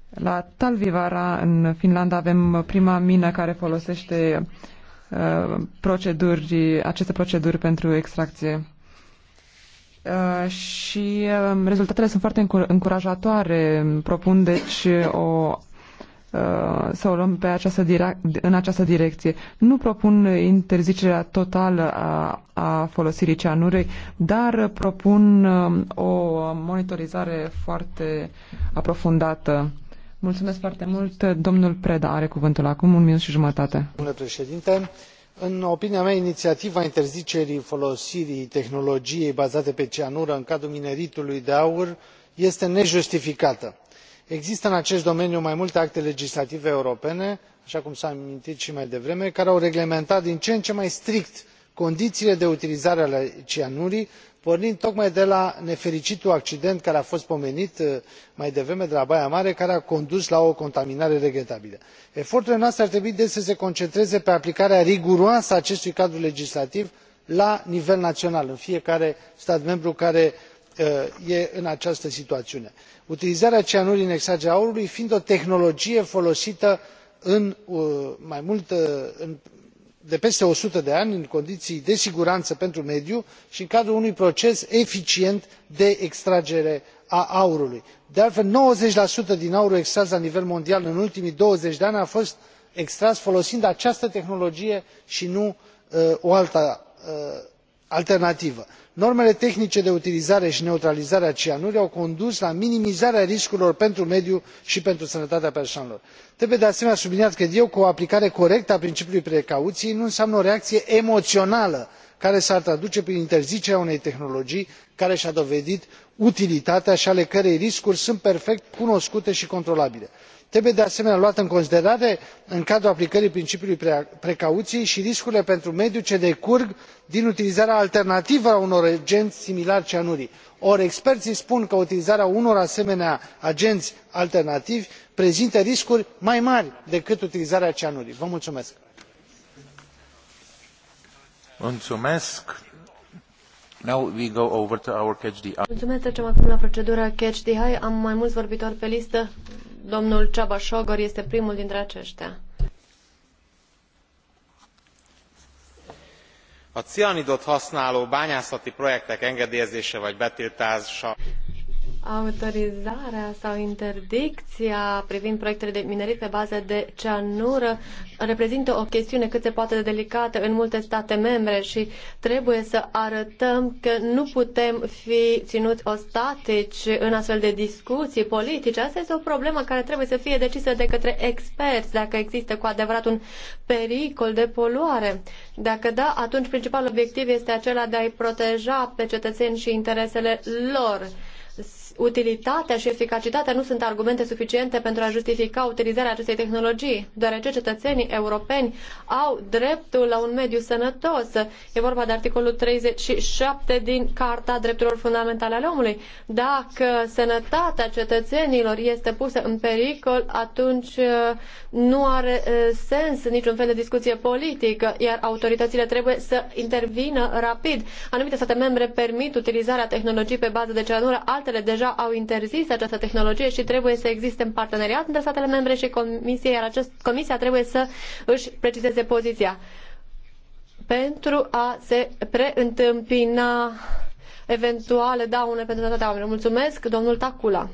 Speaker 5: La Talvivara, în Finlanda, avem prima mină care folosește uh, proceduri, aceste proceduri pentru extracție. Uh, și um, rezultatele sunt foarte încurajatoare. Propun deci o uh, să o luăm pe această în această direcție. Nu propun interzicerea totală a, a folosirii ceanurei, dar propun um, o monitorizare foarte aprofundată. Mulțumesc foarte mult. Domnul Preda are cuvântul acum, un minut și jumătate.
Speaker 6: Domnule președinte, în opinia mea iniiativa interzicerii folosirii tehnologiei bazate pe cianură în cadrul mineritului de aur este nejustificată. există în acest domeniu mai multe acte legislative europene aa cum s a amintit i mai devreme care au reglementat din ce în ce mai strict condiiile de utilizare a cianurii pornind tocmai de la nefericitul accident care a fost pomenit uh, mai devreme de la baia mare care a condus la o contaminare regretabilă. eforturile noastre ar trebui deci să se concentreze pe aplicarea riguroasă a acestui cadru legislativ la nivel național în fiecare stat membru care uh, e în această situaiune utilizarea cianurii în extragerea aurului fiind o tehnologie folosită în uh, mai în de peste o sută de ani în condiii de sigurană pentru mediu i în cadrul unui proces eficient de extragere a aurului. de altfel nouăzeci din aurul extras la nivel mondial în ultimii douăzeci de ani a fost extras folosind această tehnologie i nu uh, o alta. Uh, alternativă normele tehnice de utilizare i neutralizare a cianurii au condus la minimizarea riscurilor pentru mediu i pentru sănătatea persoanelor. trebuie de asemenea subliniat cred eu că o aplicare corectă a principiului precauiei nu înseamnă o reacie emoională care s ar traduce prin interzicerea unei tehnologii care i a dovedit utilitatea i ale cărei riscuri sunt perfect cunoscute i controlabile trebuie de asemenea luată în considerare în cadrul aplicării principiului precauției și riscurile pentru mediu ce decurg din utilizarea alternativă a unor agenți similari cianurii. ori experții spun că utilizarea unor asemenea agenți alternativi prezintă riscuri mai mari decât utilizarea cianurii. Vă mulțumesc. mulțumesc. Now we go over to our Mulțumesc,
Speaker 3: trecem acum la procedura catch the eye. Am mai mulți vorbitori pe listă. Domnul Ceaba Șogor este primul dintre aceștia.
Speaker 8: a cianidot használó bányászati projektek engedélyezése vagy betiltása.
Speaker 3: Autorizarea sau interdicția privind proiectele de minerit pe bază de ceanură reprezintă o chestiune cât se poate de delicată în multe state membre și trebuie să arătăm că nu putem fi ținuți ostatici în astfel de discuții politice. Asta este o problemă care trebuie să fie decisă de către experți dacă există cu adevărat un pericol de poluare. Dacă da, atunci principalul obiectiv este acela de a-i proteja pe cetățeni și interesele lor utilitatea și eficacitatea nu sunt argumente suficiente pentru a justifica utilizarea acestei tehnologii, deoarece cetățenii europeni au dreptul la un mediu sănătos. E vorba de articolul 37 din Carta Drepturilor Fundamentale ale Omului. Dacă sănătatea cetățenilor este pusă în pericol, atunci uh, nu are uh, sens niciun fel de discuție politică, iar autoritățile trebuie să intervină rapid. Anumite state membre permit utilizarea tehnologiei pe bază de ceanură, altele deja deja au interzis această tehnologie și trebuie să existe în parteneriat între statele membre și Comisie, iar acest, Comisia trebuie să își precizeze poziția pentru a se preîntâmpina eventuale daune pentru toate oamenilor. Mulțumesc, domnul Tacula.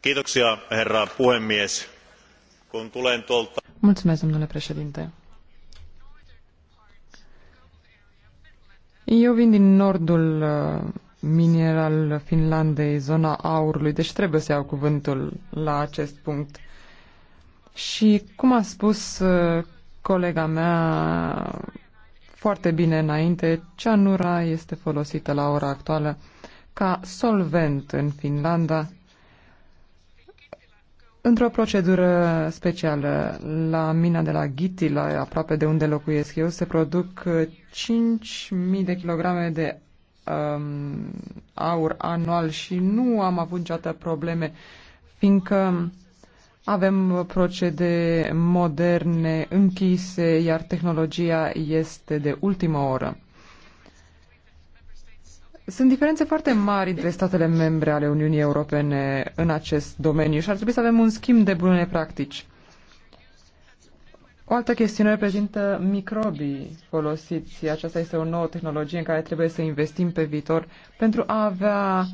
Speaker 8: Kiitoksia, herra puhemies. Kun tulen tuolta...
Speaker 5: Mulțumesc, domnule președinte. Eu vin din nordul mineral Finlandei, zona aurului, deci trebuie să iau cuvântul la acest punct. Și cum a spus uh, colega mea foarte bine înainte, cianura este folosită la ora actuală ca solvent în Finlanda într-o procedură specială. La mina de la Ghitila, aproape de unde locuiesc eu, se produc 5.000 uh, de kilograme de um, aur anual și nu am avut niciodată probleme, fiindcă avem procede moderne, închise, iar tehnologia este de ultimă oră. Sunt diferențe foarte mari între statele membre ale Uniunii Europene în acest domeniu și ar trebui să avem un schimb de bune practici. O altă chestiune reprezintă microbii folosiți. Aceasta este o nouă tehnologie în care trebuie să investim pe viitor pentru a avea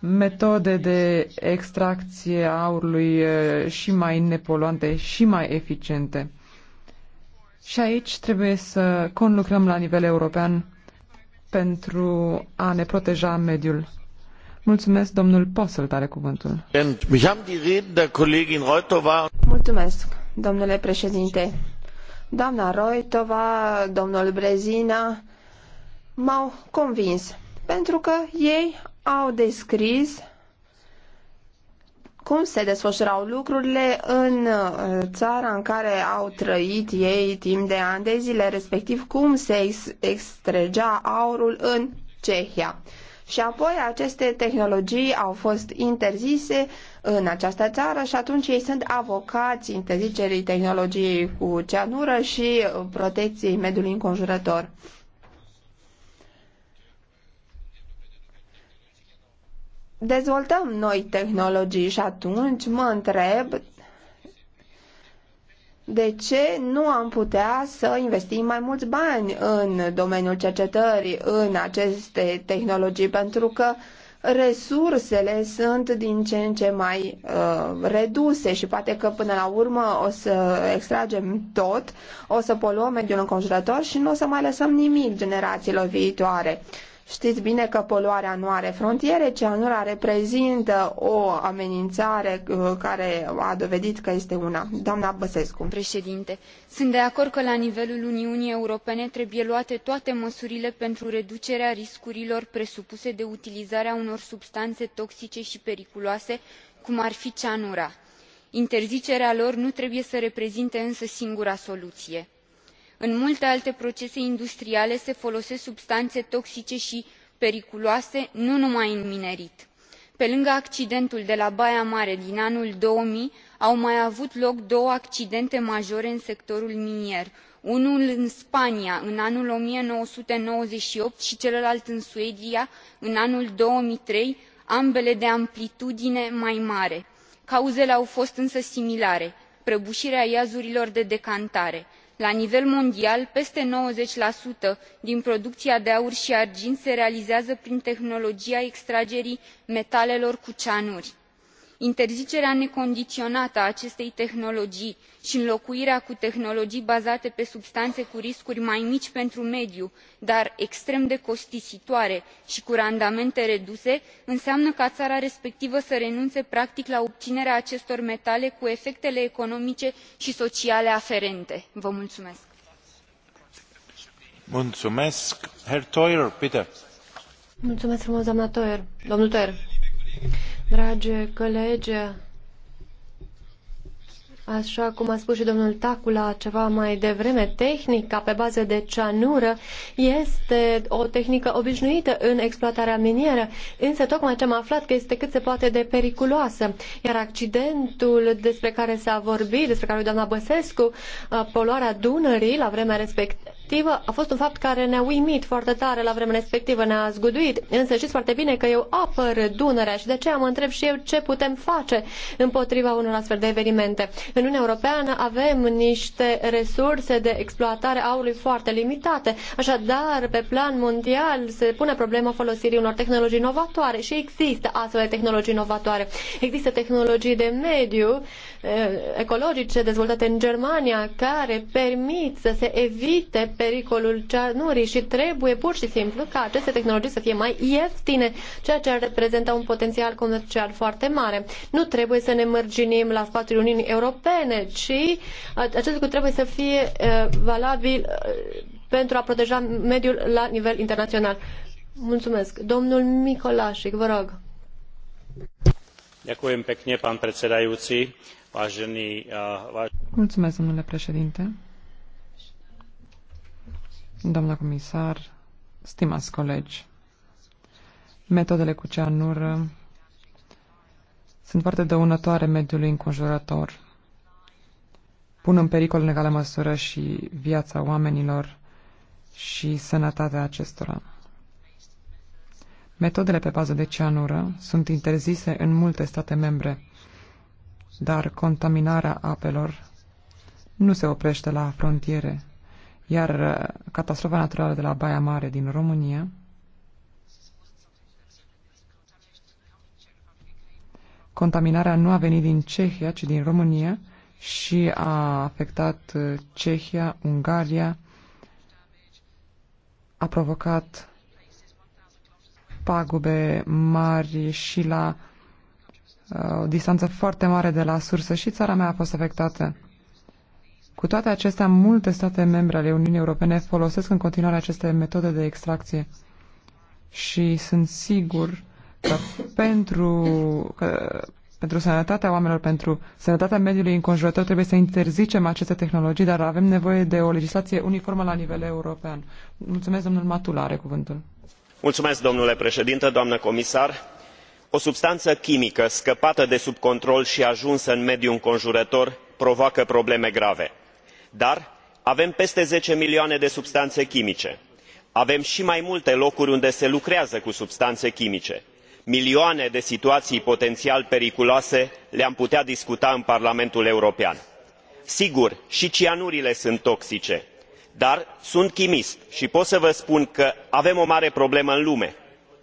Speaker 5: metode de extracție a aurului și mai nepoluante și mai eficiente. Și aici trebuie să conlucrăm la nivel european pentru a ne proteja mediul. Mulțumesc, domnul Posel, tare cuvântul.
Speaker 1: Mulțumesc domnule președinte. Doamna Roitova, domnul Brezina m-au convins pentru că ei au descris cum se desfășurau lucrurile în uh, țara în care au trăit ei timp de ani de zile, respectiv cum se extragea aurul în Cehia. Și apoi aceste tehnologii au fost interzise în această țară și atunci ei sunt avocați interzicerii tehnologiei cu ceanură și uh, protecției mediului înconjurător. Dezvoltăm noi tehnologii și atunci mă întreb de ce nu am putea să investim mai mulți bani în domeniul cercetării, în aceste tehnologii, pentru că resursele sunt din ce în ce mai uh, reduse și poate că până la urmă o să extragem tot, o să poluăm mediul înconjurător și nu o să mai lăsăm nimic generațiilor viitoare. Uh, Știți bine că poluarea nu are frontiere, cianura reprezintă o amenințare uh, care a dovedit că este una. Doamna Băsescu. Președinte, sunt de acord că la nivelul Uniunii
Speaker 4: Europene trebuie luate toate măsurile pentru reducerea riscurilor presupuse de utilizarea unor substanțe toxice și periculoase, cum ar fi cianura. Interzicerea lor nu trebuie să reprezinte însă singura soluție în multe alte procese industriale se folosesc substanțe toxice și periculoase nu numai în minerit. pe lângă accidentul de la baia mare din anul două mii au mai avut loc două accidente majore în sectorul minier unul în spania în anul o mie nouă sute nouăzeci și opt i celălalt în suedia în anul două mii trei ambele de amplitudine mai mare. cauzele au fost însă similare prăbuirea iazurilor de decantare la nivel mondial peste nouăzeci din producia de aur i argint se realizează prin tehnologia extragerii metalelor cu cianuri interzicerea necondiționată a acestei tehnologii și înlocuirea cu tehnologii bazate pe substanțe cu riscuri mai mici pentru mediu dar extrem de costisitoare și cu randamente reduse înseamnă ca țara respectivă să renunțe practic la obținerea acestor metale cu efectele economice și sociale aferente. Vă mulțumesc.
Speaker 6: Mulțumesc, Herr
Speaker 3: Mulțumesc Dragi colegi, așa cum a spus și domnul Tacula ceva mai devreme, tehnica pe bază de ceanură este o tehnică obișnuită în exploatarea minieră, însă tocmai ce am aflat că este cât se poate de periculoasă, iar accidentul despre care s-a vorbit, despre care lui doamna Băsescu, poluarea Dunării la vremea respectivă, respectivă a fost un fapt care ne-a uimit foarte tare la vremea respectivă, ne-a zguduit, însă știți foarte bine că eu apăr Dunărea și de aceea mă întreb și eu ce putem face împotriva unor astfel de evenimente. În Uniunea Europeană avem niște resurse de exploatare aurului foarte limitate, așadar pe plan mondial se pune problema folosirii unor tehnologii inovatoare și există astfel de tehnologii inovatoare. Există tehnologii de mediu, ecologice dezvoltate în Germania care permit să se evite pericolul cianurii și trebuie pur și simplu ca aceste tehnologii să fie mai ieftine, ceea ce ar reprezenta un potențial comercial foarte mare. Nu trebuie să ne mărginim la spațiul Uniunii Europene, ci acest lucru trebuie să fie valabil pentru a proteja mediul la nivel internațional. Mulțumesc. Domnul Micolașic,
Speaker 5: vă rog.
Speaker 8: Ďakujem pekne, pán predsedajúci Eh,
Speaker 5: Mulțumesc, domnule președinte. Doamna comisar, stimați colegi, metodele cu ceanură sunt foarte dăunătoare mediului înconjurător. Pun în pericol în egală măsură și viața oamenilor și sănătatea acestora. Metodele pe bază de ceanură sunt interzise în multe state membre dar contaminarea apelor nu se oprește la frontiere, iar uh, catastrofa naturală de la Baia Mare din România Contaminarea nu a venit din Cehia, ci din România și a afectat uh, Cehia, Ungaria, a provocat pagube mari și la Uh, o distanță foarte mare de la sursă și țara mea a fost afectată. Cu toate acestea, multe state membre ale Uniunii Europene folosesc în continuare aceste metode de extracție și sunt sigur că pentru, că, pentru sănătatea oamenilor, pentru sănătatea mediului înconjurător trebuie să interzicem aceste tehnologii, dar avem nevoie de o legislație uniformă la nivel european. Mulțumesc, domnul Matula, are cuvântul.
Speaker 8: Mulțumesc, domnule președinte, doamnă comisar o substană chimică scăpată de sub control i ajunsă în mediul înconjurător provoacă probleme grave dar avem peste zece milioane de substane chimice avem i mai multe locuri unde se lucrează cu substane chimice milioane de situaii potenial periculoase le am putea discuta în parlamentul european. sigur i cianurile sunt toxice dar sunt chimist i pot să vă spun că avem o mare problemă în lume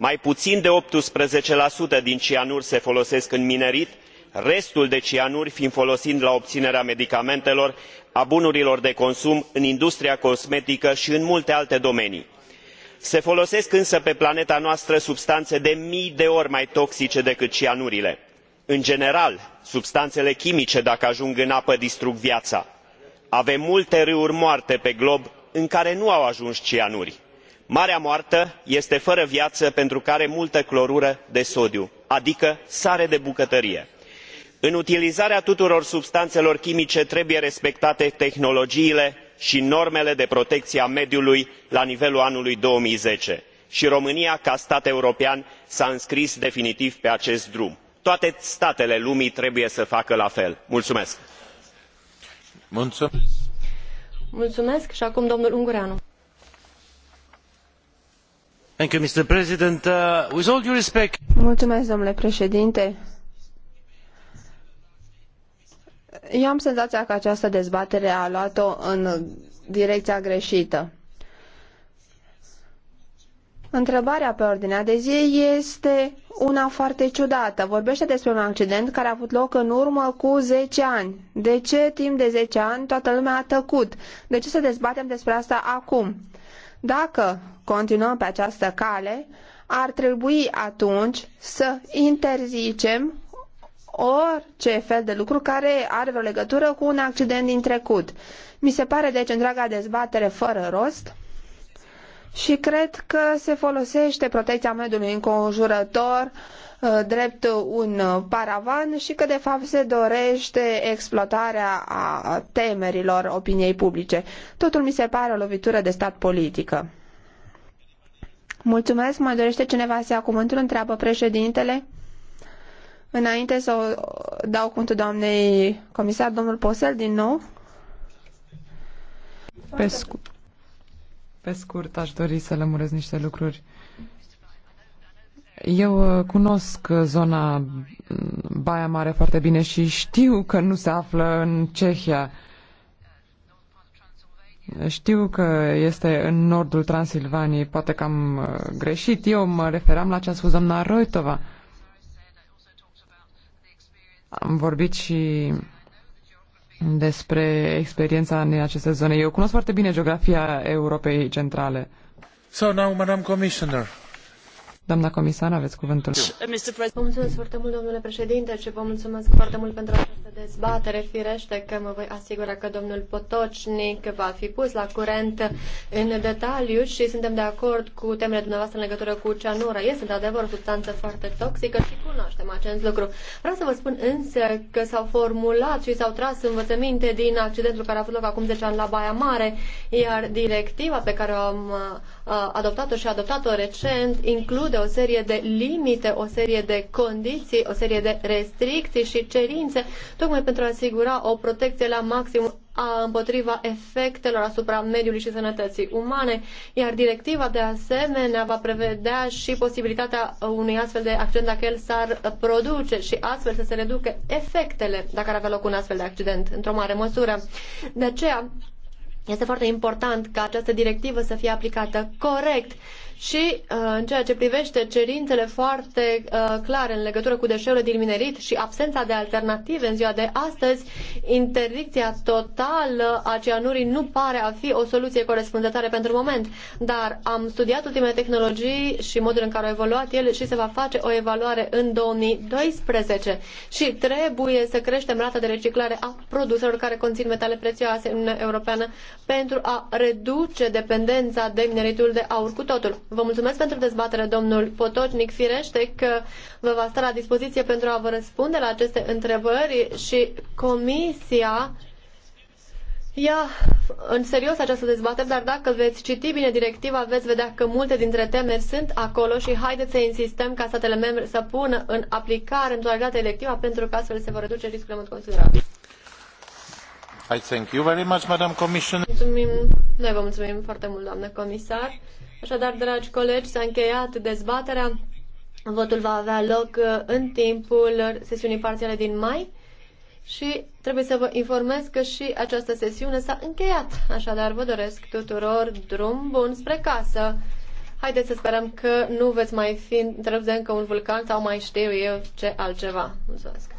Speaker 8: mai puin de optsprezece din cianuri se folosesc în minerit restul de cianuri fiind folosit la obinerea medicamentelor a bunurilor de consum în industria cosmetică i în multe alte domenii. se folosesc însă pe planeta noastră substane de mii de ori mai toxice decât cianurile. în general substanele chimice dacă ajung în apă distrug viaa. avem multe râuri moarte pe glob în care nu au ajuns cianuri marea moartă este fără viaă pentru că are multă clorură de sodiu adică sare de bucătărie. în utilizarea tuturor substanelor chimice trebuie respectate tehnologiile i normele de protecie a mediului la nivelul anului două mii zece i românia ca stat european s a înscris definitiv pe acest drum. toate statele lumii trebuie să facă la fel.
Speaker 6: Uh,
Speaker 1: Mulțumesc, domnule președinte. Eu am senzația că această dezbatere a luat-o în direcția greșită. Întrebarea pe ordinea de zi este una foarte ciudată. Vorbește despre un accident care a avut loc în urmă cu zece ani. De ce timp de zece ani toată lumea a tăcut? De ce să dezbatem despre asta acum? Dacă continuăm pe această cale, ar trebui atunci să interzicem orice fel de lucru care are vreo legătură cu un accident din trecut. Mi se pare deci întreaga dezbatere fără rost și cred că se folosește protecția mediului înconjurător uh, drept un paravan și că de fapt se dorește exploatarea a temerilor opiniei publice. Totul mi se pare o lovitură de stat politică. Mulțumesc, mai dorește cineva să ia cuvântul, întreabă președintele. Înainte să dau cuvântul doamnei comisar, domnul Posel, din nou.
Speaker 5: Pe scurt. Pe scurt, aș dori să lămuresc niște lucruri. Eu uh, cunosc uh, zona uh, Baia Mare foarte bine și știu că nu se află în Cehia. Știu că este în nordul Transilvaniei, poate că am greșit. Eu mă referam la ce a spus doamna Roitova. Am vorbit și despre experiența în aceste zone. Eu cunosc foarte bine geografia Europei Centrale. So now, Madam Commissioner. Doamna comisar, aveți cuvântul.
Speaker 3: Vă mulțumesc foarte mult, domnule președinte, și vă mulțumesc foarte mult pentru această dezbatere. Firește că mă voi asigura că domnul Potocnic va fi pus la curent în detaliu și suntem de acord cu temele dumneavoastră în legătură cu ceanura. Este, de adevăr, o substanță foarte toxică și cunoaștem acest lucru. Vreau să vă spun însă că s-au formulat și s-au tras învățăminte din accidentul care a avut loc acum 10 ani la Baia Mare, iar directiva pe care o am uh, adoptat-o și adoptat-o recent include include o serie de limite, o serie de condiții, o serie de restricții și cerințe, tocmai pentru a asigura o protecție la maximum a, împotriva efectelor asupra mediului și sănătății umane, iar directiva de asemenea va prevedea și posibilitatea unui astfel de accident dacă el s-ar produce și astfel să se reducă efectele dacă ar avea loc un astfel de accident într-o mare măsură. De aceea, este foarte important ca această directivă să fie aplicată corect și uh, în ceea ce privește cerințele foarte uh, clare în legătură cu deșeurile din minerit și absența de alternative în ziua de astăzi, interdicția totală a cianurii nu pare a fi o soluție corespunzătoare pentru moment, dar am studiat ultimele tehnologii și modul în care au evoluat ele și se va face o evaluare în 2012 și trebuie să creștem rata de reciclare a produselor care conțin metale prețioase în Uniunea Europeană pentru a reduce dependența de mineritul de aur cu totul. Vă mulțumesc pentru dezbatere, domnul Potocnic. Firește că vă va sta la dispoziție pentru a vă răspunde la aceste întrebări și comisia ia în serios această dezbatere, dar dacă veți citi bine directiva, veți vedea că multe dintre temeri sunt acolo și haideți să insistăm ca statele membre să pună în aplicare în directiva pentru că astfel se vor reduce riscurile mult considerabil.
Speaker 6: I thank you very much, Madam Commissioner.
Speaker 3: Mulțumim. Noi vă mulțumim foarte mult, doamnă comisar. Așadar, dragi colegi, s-a încheiat dezbaterea. Votul va avea loc uh, în timpul sesiunii parțiale din mai și trebuie să vă informez că și această sesiune s-a încheiat. Așadar, vă doresc tuturor drum bun spre casă. Haideți să sperăm că nu veți mai fi întrerupți de încă un vulcan sau mai știu eu ce altceva. Mulțumesc!